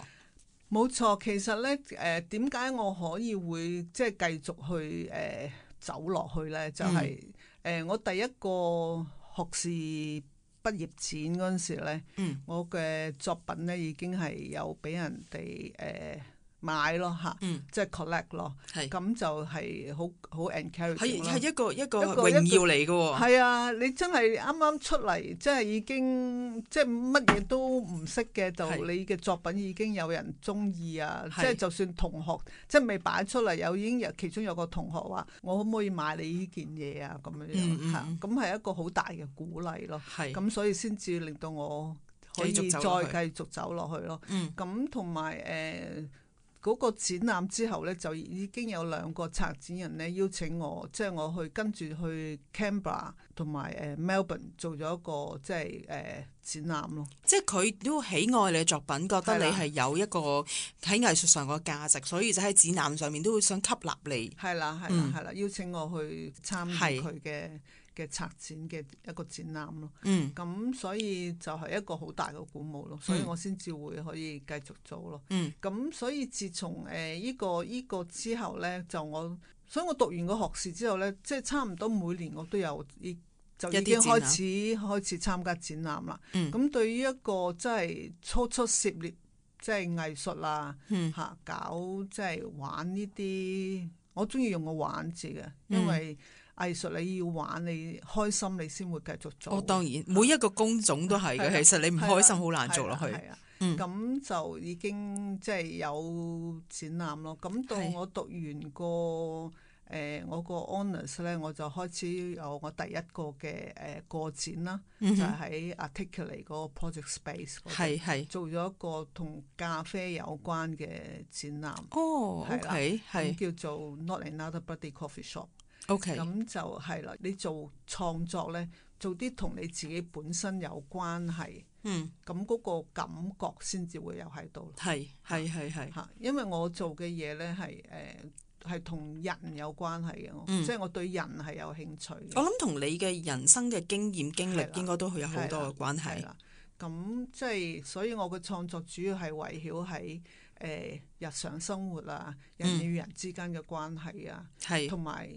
冇錯，其實咧誒點解我可以會即係繼續去誒、呃、走落去咧？就係、是、誒、嗯呃、我第一個學士。畢業展嗰陣時呢，嗯、我嘅作品呢已經係有俾人哋誒。呃買咯嚇，即係 collect 咯，咁就係好好 encourage 咯。係係一個一個一個榮耀嚟嘅喎。係啊，你真係啱啱出嚟，即係已經即係乜嘢都唔識嘅，就你嘅作品已經有人中意啊！即係就算同學即係未擺出嚟，有已經有其中有個同學話：我可唔可以買你呢件嘢啊？咁樣樣嚇，咁係一個好大嘅鼓勵咯。係咁，所以先至令到我可以再繼續走落去咯。嗯，咁同埋誒。嗰個展覽之後咧，就已經有兩個策展人咧邀請我，即係我去跟住去 Canberra 同埋誒 Melbourne 做咗一個即係誒展覽咯。即係佢都喜愛你嘅作品，覺得你係有一個喺藝術上個價值，所以就喺展覽上面都會想吸納你。係啦、嗯，係啦、嗯，係啦，邀請我去參與佢嘅。嘅策展嘅一個展覽咯，咁、嗯、所以就係一個好大嘅鼓舞咯，嗯、所以我先至會可以繼續做咯。咁、嗯、所以自從誒依、呃這個依、這個之後咧，就我所以我讀完個學士之後咧，即、就、係、是、差唔多每年我都有已就已經開始開始參加展覽啦。咁、嗯、對於一個即係初初涉獵即係藝術啦、啊，嚇、嗯啊、搞即係、就是、玩呢啲，我中意用個玩字嘅，因為、嗯。藝術你要玩，你開心你先會繼續做。哦，當然每一個工種都係嘅，啊、其實你唔開心好難做落去。咁就已經即係有展覽咯。咁到我讀完個誒是、呃、我個 honours 咧，我就開始有我第一個嘅誒個展啦，嗯、哼就喺 Articulate 嗰個 project space。係係是做咗一個同咖啡有關嘅展覽。哦，OK、啊、叫做 Not Another Buddy Coffee Shop。O K，咁就係啦。你做創作咧，做啲同你自己本身有關係，嗯，咁嗰個感覺先至會有喺度。係是，係、啊，係，係。吓，因為我做嘅嘢咧係誒係同人有關係嘅，我、嗯、即係我對人係有興趣。我諗同你嘅人生嘅經驗經歷應該都會有好多嘅關係啦。咁即係，所以我嘅創作主要係圍繞喺誒日常生活啊，人與人之間嘅關係啊，係、嗯，同埋。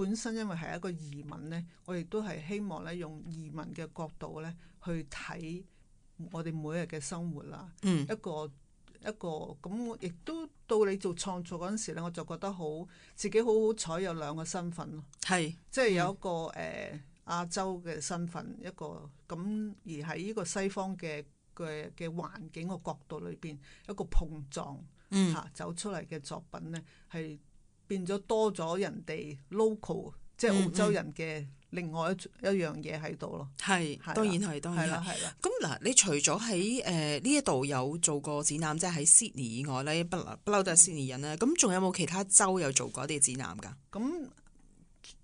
本身因為係一個移民呢，我亦都係希望咧用移民嘅角度咧去睇我哋每日嘅生活啦、嗯。一個一個咁，亦都到你做創作嗰陣時咧，我就覺得好自己好好彩有兩個身份咯。係是即係有一個誒亞、嗯呃、洲嘅身份一個咁，而喺呢個西方嘅嘅嘅環境嘅角度裏邊一個碰撞，吓、嗯啊、走出嚟嘅作品呢，係。變咗多咗人哋 local，即係澳洲人嘅另外一一樣嘢喺度咯。係，當然係，當然係啦。咁嗱，你除咗喺誒呢一度有做過展覽，即係喺 Sydney 以外咧，不不嬲都係 Sydney 人啦。咁仲有冇其他州有做過啲展覽㗎？咁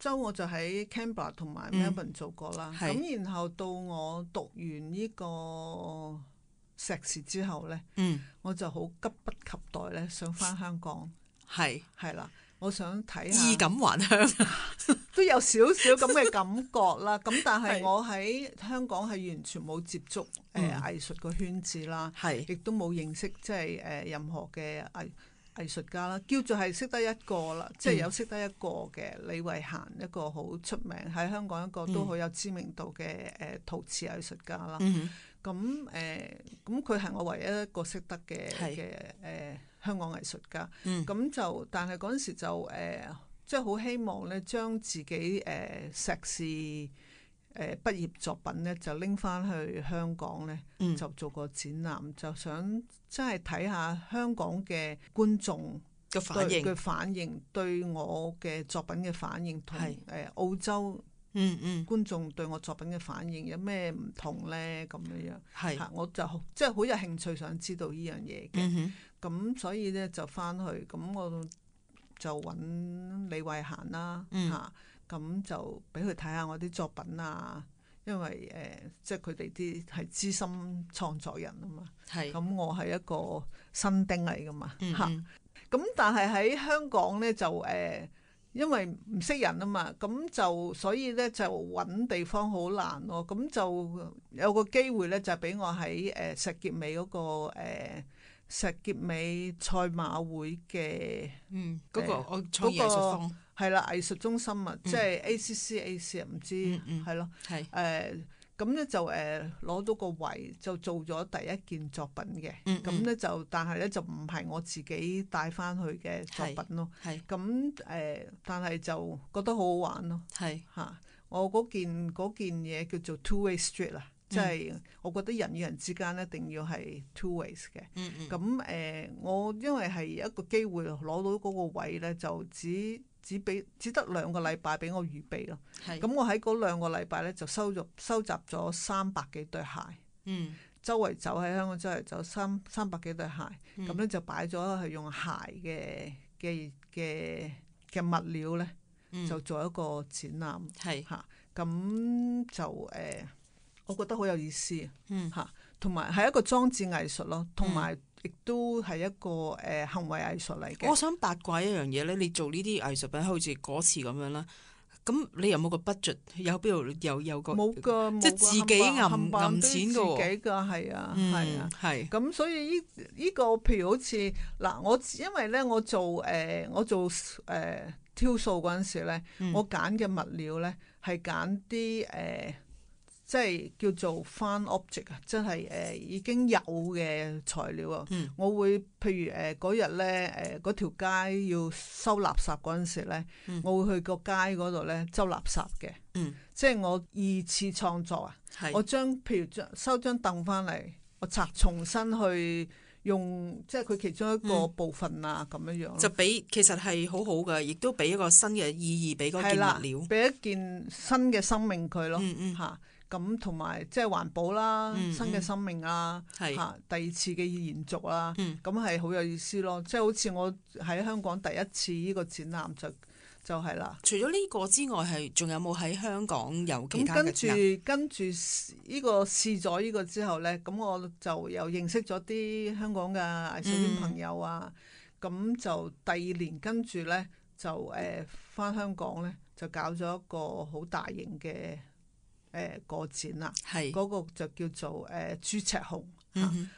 州我就喺 Canberra 同埋 Melbourne 做過啦。咁然後到我讀完呢個碩士之後咧，嗯，我就好急不及待咧，想翻香港。係，係啦。我想睇下衣錦還鄉， 都有少少咁嘅感覺啦。咁 但係我喺香港係完全冇接觸誒藝術個圈子啦，係亦是都冇認識即係誒任何嘅藝藝術家啦。叫做係識得一個啦，即係有識得一個嘅李慧嫻，一個好出名喺、嗯、香港一個都好有知名度嘅誒、呃、陶瓷藝術家啦。咁誒、嗯哼，咁佢係我唯一一個識得嘅嘅誒。嗯嗯嗯嗯嗯嗯嗯嗯香港藝術家，咁就、嗯、但係嗰陣時就誒，即係好希望咧，將自己誒碩士誒畢業作品咧，就拎翻去香港咧，嗯、就做個展覽，就想即係睇下香港嘅觀眾嘅反應，嘅反應對我嘅作品嘅反應，同誒是、呃、澳洲嗯嗯觀眾對我作品嘅反應有咩唔同咧？咁樣樣係是，我就即係好有興趣想知道呢樣嘢嘅。嗯嗯咁所以咧就返去，咁我就揾李慧嫻啦嚇，咁、嗯啊、就俾佢睇下我啲作品啊，因為誒、呃、即係佢哋啲係資深創作人啊嘛，咁是我係一個新丁嚟噶嘛嚇，咁、嗯嗯啊、但係喺香港咧就誒、呃，因為唔識人啊嘛，咁就所以咧就揾地方好難咯、啊，咁就有個機會咧就俾我喺誒、呃、石硖尾嗰個、呃石硖尾賽馬會嘅，嗯，嗰個我，嗰個係啦，藝術中心啊，即係 A.C.C.A.C. 唔知，係咯，係，誒，咁咧就誒攞到個位，就做咗第一件作品嘅，咁咧就，但係咧就唔係我自己帶翻去嘅作品咯，係，咁誒，但係就覺得好好玩咯，係，吓，我嗰件嗰件嘢叫做 Two Way Street 啦。即係，我覺得人與人之間咧，一定要係 two ways 嘅。咁誒、嗯嗯呃，我因為係一個機會攞到嗰個位呢，就只只俾只得兩個禮拜俾我預備咯。咁是我喺嗰兩個禮拜呢，就收收集咗三百幾對鞋。嗯、周圍走，喺香港周圍走，三三百幾對鞋，咁呢、嗯、就擺咗係用鞋嘅嘅嘅嘅物料呢，嗯、就做一個展覽。係嚇是，咁、啊、就誒。呃我覺得好有意思，嚇、嗯，同埋係一個裝置藝術咯，同埋亦都係一個誒、嗯、行為藝術嚟嘅。我想八卦一樣嘢咧，你做呢啲藝術品，好似嗰次咁樣啦，咁你有冇個 budget？有邊度有有個冇㗎？即係自己揞揞錢自己嘅，係啊，係啊，係。咁所以呢、這、依個，譬如好似嗱，我因為咧、呃，我做誒，呃呃嗯、我做誒挑數嗰陣時咧，我揀嘅物料咧係揀啲誒。呃呃即係叫做 found object 啊！真係誒已經有嘅材料啊！嗯、我會譬如誒嗰日咧誒嗰條街要收垃圾嗰陣時咧，嗯、我會去個街嗰度咧收垃圾嘅。嗯、即係我二次創作啊是！我將譬如將收張凳翻嚟，我拆重新去用，即係佢其中一個部分啊咁樣、嗯、樣。就俾其實係好好嘅，亦都俾一個新嘅意義俾嗰件物料，俾一件新嘅生命佢咯。嗯嗯，咁同埋即係環保啦，嗯、新嘅生命啦、啊，嚇是第二次嘅延續啦、啊，咁係好有意思咯。即、就、係、是、好似我喺香港第一次呢個展覽就就係、是、啦。除咗呢個之外，係仲有冇喺香港有其他跟住跟住呢、這個試咗呢個之後呢，咁我就又認識咗啲香港嘅藝術朋友啊。咁、嗯、就第二年跟住呢，就誒翻、呃、香港呢，就搞咗一個好大型嘅。誒個展啦，係嗰是個就叫做誒朱、呃、赤紅，係誒、嗯哼啊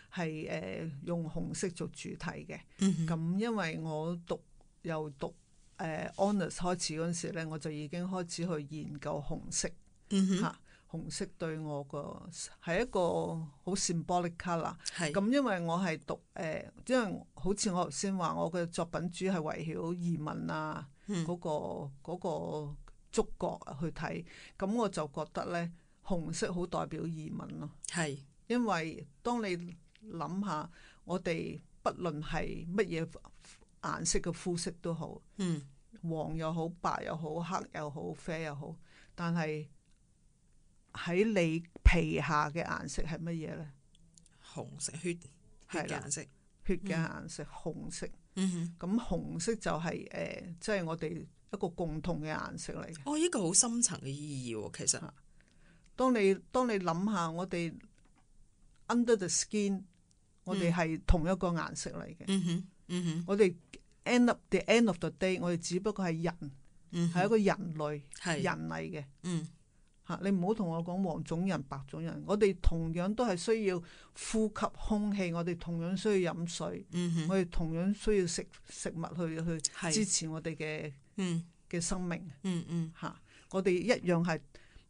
呃、用紅色做主題嘅。咁、嗯、哼因為我讀由讀誒 honours 開始嗰陣時咧，我就已經開始去研究紅色，嚇、嗯哼啊、紅色對我個係一個好 symbolic colour 啦。咁、嗯、哼因為我係讀誒、呃，因為好似我頭先話，我嘅作品主要係圍繞移民啊嗰個嗰個。觸覺去睇，咁我就覺得呢紅色好代表移民咯。係是，因為當你諗下，我哋不論係乜嘢顏色嘅膚色都好，嗯，黃又好，白又好，黑又好，啡又好，但係喺你皮下嘅顏色係乜嘢呢？紅色血，血係啦，顏色，的嗯、血嘅顏色，紅色。嗯哼，咁紅色就係、是、誒，即、呃、係、就是、我哋。一個共同嘅顏色嚟嘅，哦，呢、這個好深層嘅意義、哦，其實，當你當你諗下，我哋 under the skin，、嗯、我哋係同一個顏色嚟嘅，嗯嗯我哋 end up the end of the day，我哋只不過係人，係、嗯嗯、一個人類，係、嗯嗯、人嚟嘅，吓你唔好同我講黃種人、白種人，我哋同樣都係需要呼吸空氣，我哋同樣需要飲水，嗯嗯嗯我哋同樣需要食食物去去支持我哋嘅。嗯嘅生命，嗯嗯吓、啊，我哋一樣係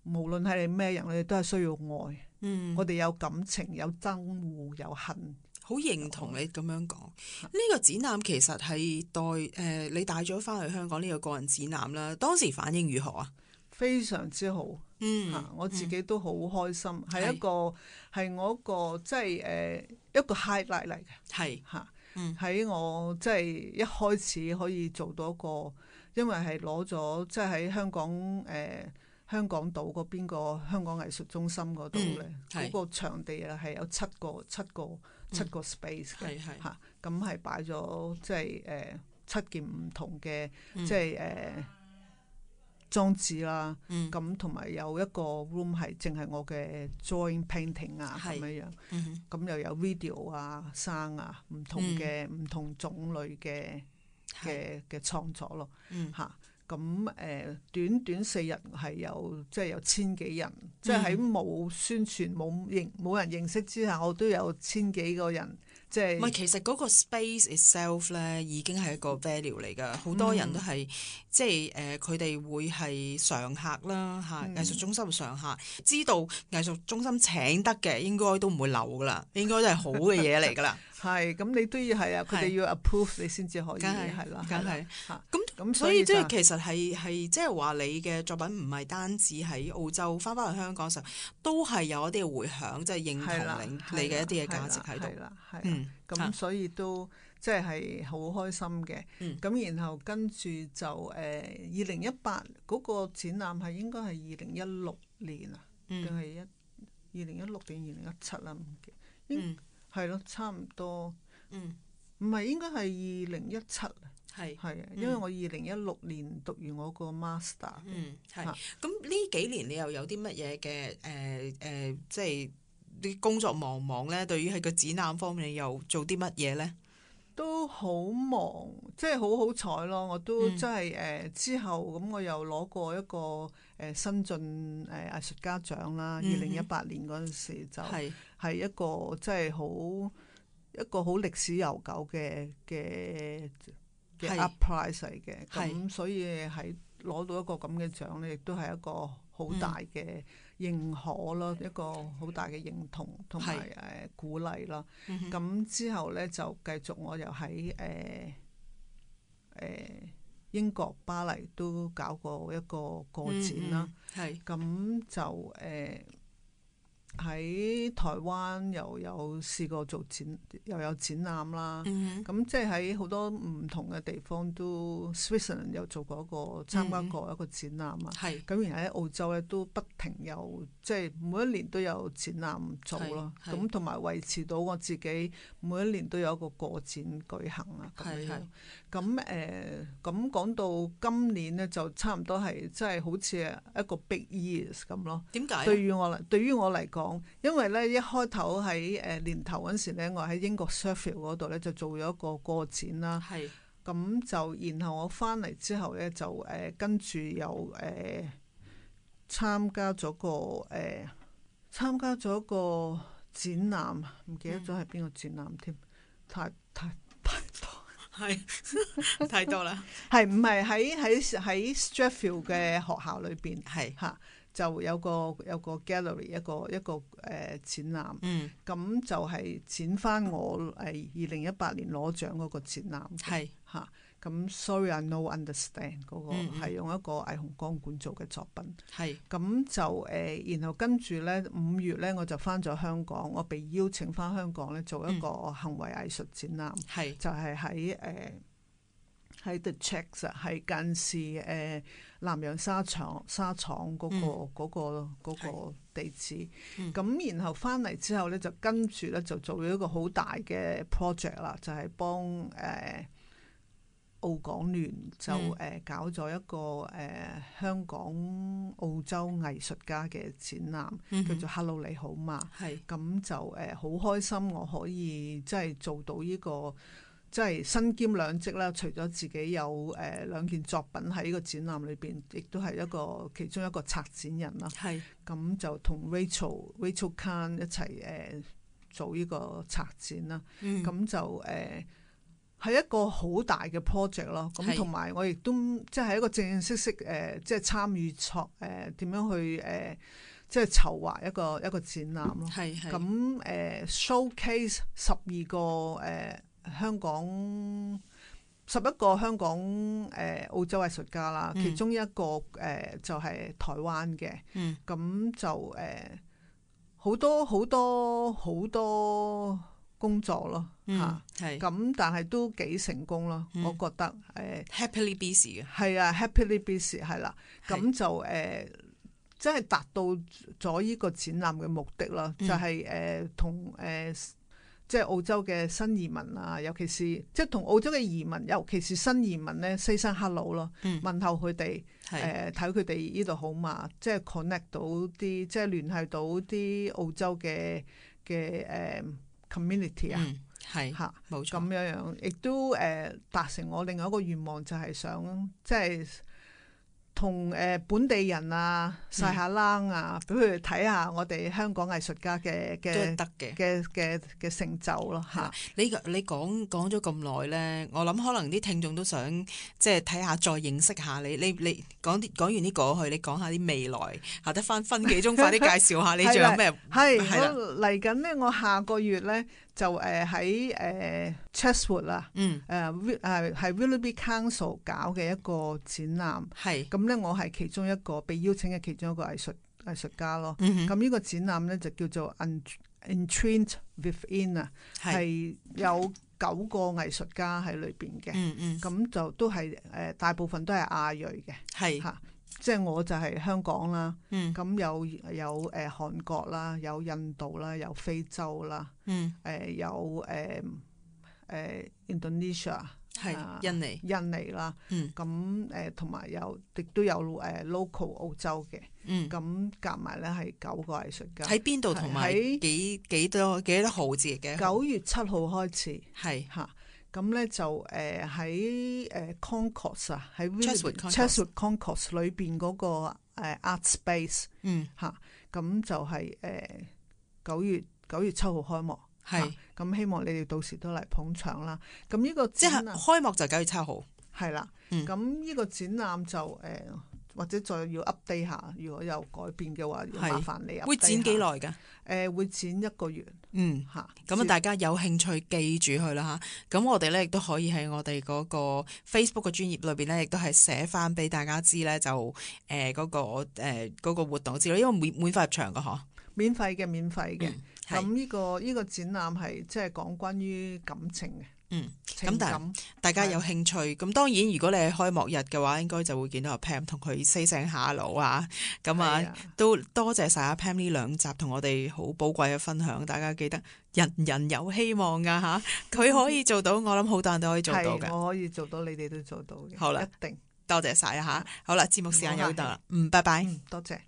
無論係你咩人，我哋都係需要愛。嗯，嗯，我哋有感情，有憎惡，有恨。好認同你咁樣講。呢、嗯嗯啊這個展覽其實係帶誒，你帶咗翻去香港呢個個人展覽啦。當時反應如何啊？非常之好。嗯、啊，我自己都好開心，係一個係我一個即係誒一個 highlight 嚟嘅。係吓，喺我即係一開始可以做到一個。是因為係攞咗，即係喺香港，誒、呃、香港島嗰邊個香港藝術中心嗰度咧，嗰、嗯、個場地啊係有七個、七個、七個 space 嘅、嗯，嚇咁係擺咗即係誒七件唔同嘅，即係誒、呃、裝置啦，咁同埋有一個 room 係淨係我嘅 join painting 啊咁樣是樣，咁、嗯、哼又有 video 啊、生啊，唔同嘅唔、嗯、同種類嘅。嘅嘅創作咯，嗯、嚇，咁、誒，短短四日係有，即係有千幾人，嗯、即係喺冇宣傳冇認冇人認識之下，我都有千幾個人即係。唔係其實嗰個 space itself 咧已經係一個 value 嚟㗎，好多人都係。嗯即係誒，佢哋會係常客啦，吓藝術中心嘅常客，知道藝術中心請得嘅，應該都唔會留噶啦，應該都係好嘅嘢嚟噶啦。係咁，你都要係啊，佢哋要 approve 你先至可以，係啦。梗係咁咁，所以即係其實係係即係話你嘅作品唔係單止喺澳洲返返去香港時候，都係有一啲回響，即係認同你嘅一啲嘅價值喺度。係啦，嗯咁，所以都。即係好開心嘅咁，嗯、然後跟住就誒二零一八嗰個展覽係應該係二零一六年啊，定係一二零一六定二零一七啦？唔、啊、記得、嗯、應係咯，差唔多唔係、嗯、應該係二零一七係係因為我二零一六年讀完我個 Master。嗯，係咁呢幾年你又有啲乜嘢嘅誒誒？即係啲工作忙忙咧，對於喺個展覽方面又做啲乜嘢咧？都好忙，即係好好彩咯！我都真係誒、嗯呃、之後，咁，我又攞過一個誒、呃、新晉誒藝術家獎啦。二零一八年嗰陣時、嗯、就係一個即係好一個好歷史悠久嘅嘅嘅 up prize 嚟嘅，咁是所以喺攞到一個咁嘅獎咧，亦都係一個好大嘅。嗯嗯認可咯，一個好大嘅認同同埋誒鼓勵咯。咁、嗯、哼之後咧就繼續我又喺誒誒英國巴黎都搞過一個個展啦。係咁、嗯、就誒。呃喺台灣又有試過做展，又有展覽啦。咁、mm hmm. 即係喺好多唔同嘅地方都 Switzerland 又做過一個參加過一個展覽啊。咁、mm hmm. 然後喺澳洲咧都不停有，即係每一年都有展覽做咯。咁同埋維持到我自己每一年都有一個個展舉行啊，咁樣。咁誒咁講到今年呢，就差唔多係即係好似一個 big year 咁咯。點解？對於我嚟對於我嚟講，因為呢一開頭喺誒年頭嗰時呢，我喺英國 Surville 嗰度呢，就做咗一個個展啦。係是。咁就然後我翻嚟之後呢，就誒跟住又誒、呃、參加咗個誒、呃、參加咗個展覽，唔記得咗係邊個展覽添、嗯，太太。係睇到啦，係唔係喺喺喺 Strathfield 嘅學校裏邊，係嚇、嗯、就有個有個 gallery 一個一個誒、呃、展覽，嗯，咁就係展翻我誒二零一八年攞獎嗰個展覽，係嚇、嗯。是咁 sorry I no understand 嗰個係用一個霓虹光管做嘅作品。係咁是就誒、呃，然後跟住咧五月咧，我就翻咗香港，我被邀請翻香港咧做一個行為藝術展覽，係、嗯、就係喺誒喺 The Checks 係近視誒、呃、南洋沙廠沙廠嗰、那個嗰、嗯那個嗰、那個是地址。咁、嗯、然後翻嚟之後咧，就跟住咧就做咗一個好大嘅 project 啦，就係幫誒。澳港聯就誒、嗯呃、搞咗一個誒、呃、香港澳洲藝術家嘅展覽，嗯、哼叫做 Hello 你好嘛，咁是就誒好、呃、開心我可以即係做到呢、呢個即係身兼兩職啦。除咗自己有誒、呃、兩件作品喺呢個展覽裏邊，亦都係一個其中一個策展人啦。係咁是就同 Rachel Khan、Rachel Khan 一齊誒做呢個策展啦。咁、嗯、就誒。呃係一個好大嘅 project 咯，咁同埋我亦都即係、就是、一個正正式式誒，即係參與策誒點樣去誒，即、呃、係、就是、籌劃一個一個展覽咯。係係咁誒、呃、showcase 十二個誒、呃、香港十一、呃、個香港誒、呃、澳洲藝術家啦，其中一個誒、嗯呃、就係、是、台灣嘅。咁、嗯、就誒好多好多好多。工作咯嚇，係咁、嗯啊，但係都幾成功咯，嗯、我覺得誒。Happily busy 係啊 happily busy 係啦，咁、嗯嗯、就誒，真係達到咗呢個展覽嘅目的咯，就係誒同誒即係澳洲嘅新移民啊，尤其是即係同澳洲嘅移民，尤其是新移民咧，say hello 咯，問候佢哋，誒睇佢哋呢度好嘛，即係 connect 到啲，即係聯繫到啲澳洲嘅嘅誒。community 啊、嗯，係吓，冇錯咁樣樣，亦都誒達成我另外一個願望，就係、是、想即係。同誒本地人啊晒下冷啊，比如睇下我哋香港藝術家嘅嘅嘅嘅嘅成就咯嚇。你你講講咗咁耐咧，我諗可能啲聽眾都想即係睇下再認識下你。你你講啲講完啲過去，你講下啲未來，得翻分幾鐘 快啲介紹下你仲有咩？係，嚟緊咧，我下個月咧。就誒喺誒 Chesswood 啊，誒 Will 係 Willoughby Council 搞嘅一個展覽，咁咧是我係其中一個被邀請嘅其中一個藝術藝術家咯。咁呢、嗯、哼個展覽咧就叫做 Enchanted Within 啊是，係有九個藝術家喺裏邊嘅，咁、嗯嗯、就都係誒、呃、大部分都係亞裔嘅，嚇是。啊即係我就係香港啦，咁、嗯、有有誒、呃、韓國啦，有印度啦，有非洲啦，誒、嗯呃、有誒誒、呃、Indonesia 係印尼、啊、印尼啦，咁誒同埋有亦都有誒、呃、local 澳洲嘅，咁夾埋咧係九個藝術家喺邊度？同埋幾在幾多幾多號字嘅？九月七號開始係嚇。是咁咧就誒喺誒 Concourse 啊，喺 Chesswood Concourse 裏邊嗰個 Art Space 嚇、嗯，咁、啊、就係誒九月九月七號開幕，係咁是、啊、希望你哋到時都嚟捧場啦。咁呢個即係開幕就九月七號，係啦。咁呢、嗯、個展覽就誒。呃或者再要 update 下，如果有改變嘅話，要麻煩你啊。會展幾耐㗎？誒、呃，會展一個月。嗯，嚇是，咁啊，大家有興趣記住佢啦嚇。咁我哋咧亦都可以喺我哋嗰個 Facebook 個專頁裏邊咧，亦都係寫翻俾大家知咧，就誒嗰、呃嗰個誒、呃嗰個、活動資料，因為免免費入場嘅嗬，免費嘅，免費嘅。咁呢、呢個呢、呢個展覽係即係講關於感情。嘅。嗯，咁感但係大家有興趣，咁的當然如果你係開幕日嘅話，應該就會見到阿 Pam 同佢 Say 聲 hello 啊，咁啊都多謝晒阿 Pam 呢兩集同我哋好寶貴嘅分享，大家記得人人有希望㗎吓，佢可以做到， 我諗好多人都可以做到嘅，我可以做到，你哋都做到嘅啦定、啊，好啦，一定多謝晒啊吓，好啦，節目時間又到啦，嗯，拜拜，多謝。嗯，多謝。